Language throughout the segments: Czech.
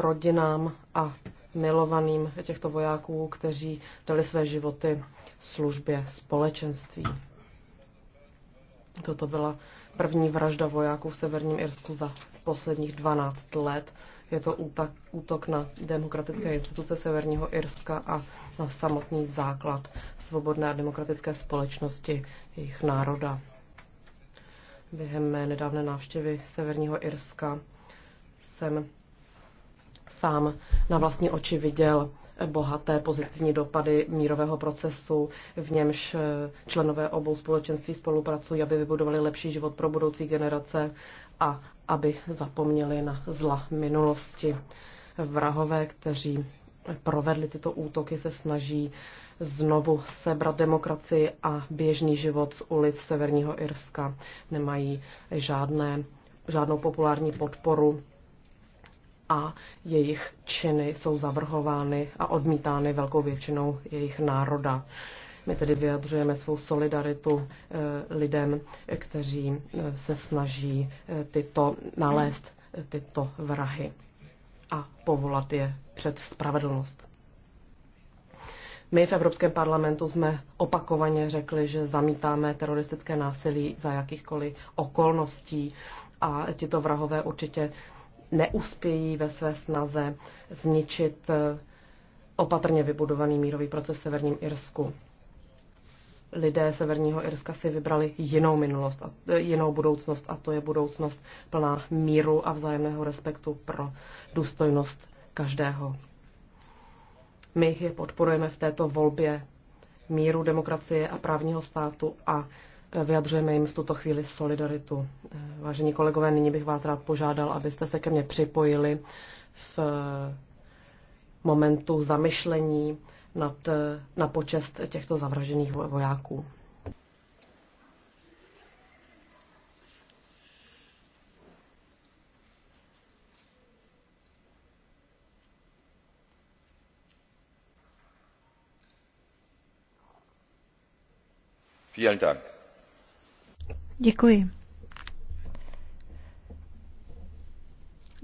rodinám a milovaným těchto vojáků, kteří dali své životy službě společenství. Toto byla první vražda vojáků v Severním Irsku za posledních 12 let. Je to útok, útok na demokratické instituce Severního Irska a na samotný základ svobodné a demokratické společnosti jejich národa. Během mé nedávné návštěvy Severního Irska jsem sám na vlastní oči viděl bohaté pozitivní dopady mírového procesu, v němž eh, členové obou společenství spolupracují, aby vybudovali lepší život pro budoucí generace a aby zapomněli na zla minulosti. Vrahové, kteří provedli tyto útoky, se snaží znovu sebrat demokracii a běžný život z ulic Severního Irska. Nemají žádné, žádnou populární podporu a jejich činy jsou zavrhovány a odmítány velkou většinou jejich národa. My tedy vyjadřujeme svou solidaritu eh, lidem, kteří eh, se snaží eh, tyto nalézt tyto vrahy a povolat je před spravedlnost. My v Evropském parlamentu jsme opakovaně řekli, že zamítáme teroristické násilí za jakýchkoliv okolností a tyto vrahové určitě neuspějí ve své snaze zničit eh, opatrně vybudovaný mírový proces v Severním Irsku. Lidé Severního Irska si vybrali jinou minulost, a, eh, jinou budoucnost a to je budoucnost plná míru a vzájemného respektu pro důstojnost každého. My je podporujeme v této volbě míru, demokracie a právního státu a Vyjadřujeme jim v tuto chvíli solidaritu. Vážení kolegové, nyní bych vás rád požádal, abyste se ke mně připojili v momentu zamyšlení nad, na počest těchto zavražených vojáků. Vielen Dank. Děkuji.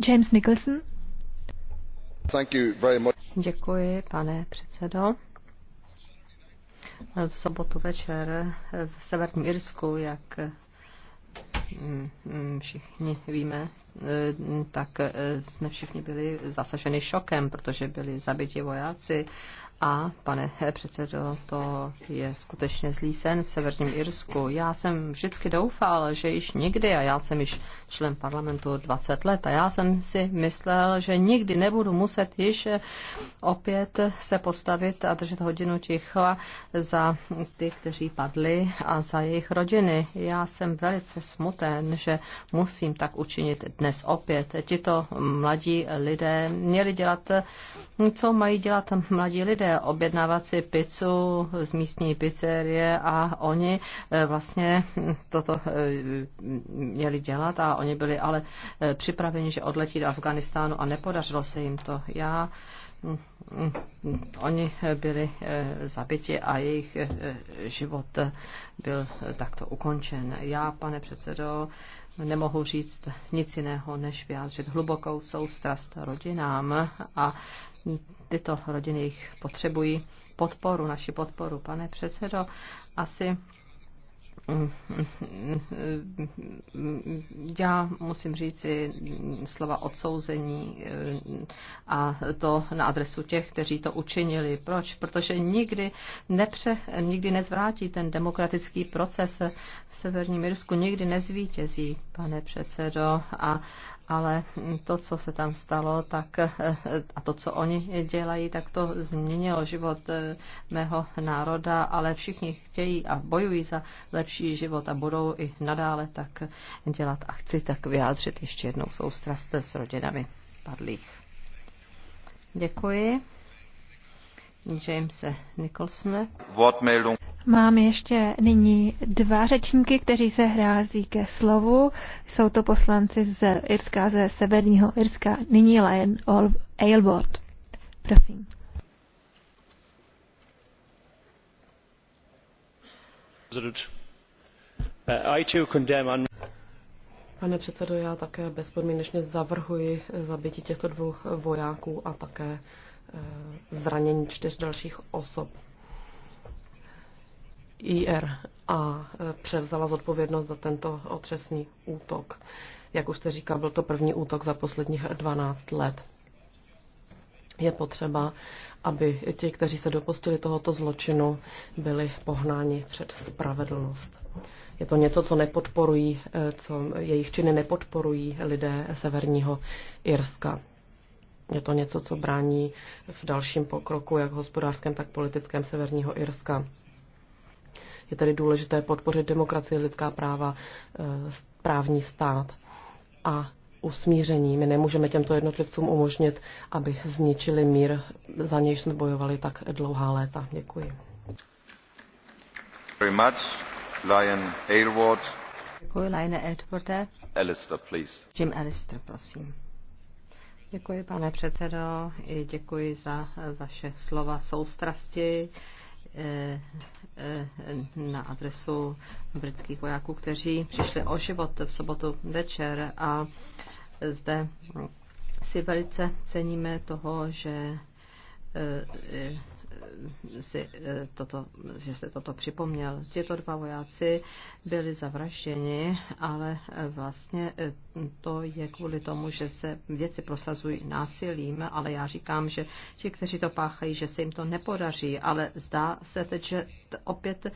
James Nicholson. Thank you very much. Děkuji, pane předsedo. V sobotu večer v Severním Irsku, jak mm, mm, všichni víme, mm, tak eh, jsme všichni byli zasaženi šokem, protože byli zabiti vojáci a, pane eh, předsedo, to je skutečně zlý sen v Severním Irsku. Já jsem vždycky doufal, že již nikdy, a já jsem již člen parlamentu 20 let, a já jsem si myslel, že nikdy nebudu muset již eh, opět se postavit a držet hodinu ticho za ty, kteří padli a za jejich rodiny. Já jsem velice smuten, že musím tak učinit dnes opět. Tito mladí lidé měli dělat, co mají dělat mladí lidé, objednávat si pizzu z místní pizzerie a oni eh, vlastně hm, toto eh, měli dělat a oni byli ale eh, připraveni, že odletí do Afganistánu a nepodařilo se jim to. Já hm, hm, Oni byli zabiti a jejich život byl takto ukončen. Já, pane předsedo, nemohu říct nic jiného, než vyjádřit hlubokou soustrast rodinám a tyto rodiny jich potřebují podporu, naši podporu. Pane předsedo, asi já musím si slova odsouzení eh, a to na adresu těch, kteří to učinili. Proč? Protože nikdy, nepře, nikdy nezvrátí ten demokratický proces v Severním Irsku, nikdy nezvítězí, pane předsedo. A ale to, co se tam stalo, tak a to, co oni dělají, tak to změnilo život eh, mého národa, ale všichni chtějí a bojují za lepší život a budou i nadále tak dělat a chci tak vyjádřit ještě jednou soustrast s rodinami padlých. Děkuji. Jamese Nicholson. Wortmeldung. Mám ještě nyní dva řečníky, kteří se hrází ke slovu. Jsou to poslanci z Irska, ze Severního Irska. Nyní Lion Aylward. Prosím. Pane předsedo, já také bezpodmínečně zavrhuji zabití těchto dvou vojáků a také eh, zranění čtyř dalších osob. Ir a eh, převzala zodpovědnost za tento otřesný útok. Jak už jste říkal, byl to první útok za posledních 12 let. Je potřeba, aby ti, kteří se dopustili tohoto zločinu, byli pohnáni před spravedlnost. Je to něco, co nepodporují, eh, co jejich činy nepodporují lidé severního Irska. Je to něco, co brání v dalším pokroku, jak hospodářském, tak politickém severního Irska. Je tedy důležité podpořit demokracii, lidská práva, eh, právní stát a usmíření. My nemůžeme těmto jednotlivcům umožnit, aby zničili mír, za něj jsme bojovali tak dlouhá léta. Děkuji. Very much. Lion Aylward. Děkuji, Lajne Edwarde. Alistair, please. Jim Alistair, prosím. Děkuji, pane předsedo, i děkuji za vaše slova soustrasti. Eh, eh, na adresu britských vojáků, kteří přišli o život v sobotu večer a zde si velice ceníme toho, že eh, si eh, toto, že jste toto připomněl. Těto dva vojáci byli zavražděni, ale eh, vlastně eh, to je kvůli tomu, že se věci prosazují násilím, ale já říkám, že ti, kteří to páchají, že se jim to nepodaří, ale zdá se teď, že opět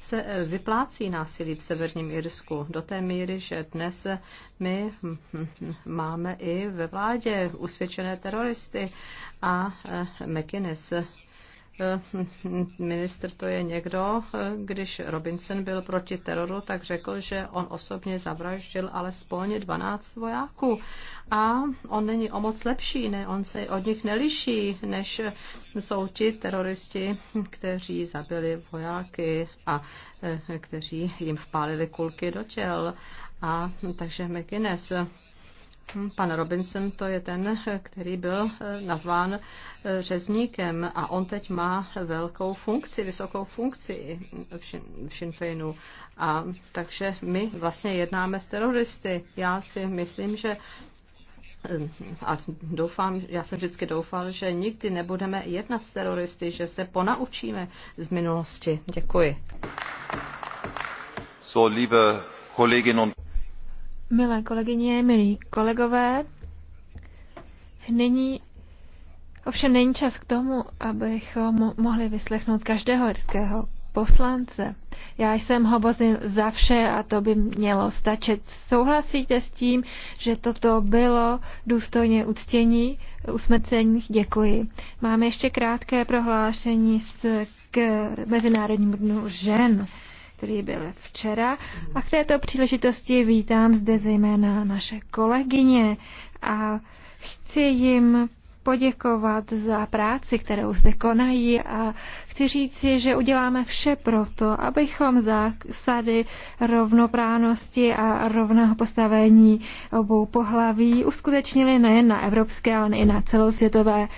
se vyplácí násilí v Severním Irsku do té míry, že dnes my hm, hm, hm, máme i ve vládě usvědčené teroristy a McInnes Eh, ministr to je někdo, eh, když Robinson byl proti teroru, tak řekl, že on osobně zavraždil alespoň 12 vojáků. A on není o moc lepší, ne, on se od nich neliší, než jsou ti teroristi, kteří zabili vojáky a eh, kteří jim vpálili kulky do těl. A takže McGuinness Pan Robinson to je ten, který byl eh, nazván eh, řezníkem a on teď má velkou funkci, vysokou funkci v Sinn Féinu. A takže my vlastně jednáme s teroristy. Já si myslím, že eh, a doufám, já jsem vždycky doufal, že nikdy nebudeme jednat s teroristy, že se ponaučíme z minulosti. Děkuji. So, liebe Kolleginnen und Milé kolegyně, milí kolegové, není, ovšem není čas k tomu, abychom mohli vyslechnout každého irského poslance. Já jsem hovořil za vše a to by mělo stačit. Souhlasíte s tím, že toto bylo důstojně uctění usmrcení? Děkuji. Máme ještě krátké prohlášení k Mezinárodnímu dnu žen který byl včera. A k této příležitosti vítám zde zejména naše kolegyně a chci jim poděkovat za práci, kterou zde konají a chci říci, že uděláme vše proto, abychom zásady rovnoprávnosti a rovného postavení obou pohlaví uskutečnili nejen na evropské, ale i na celosvětové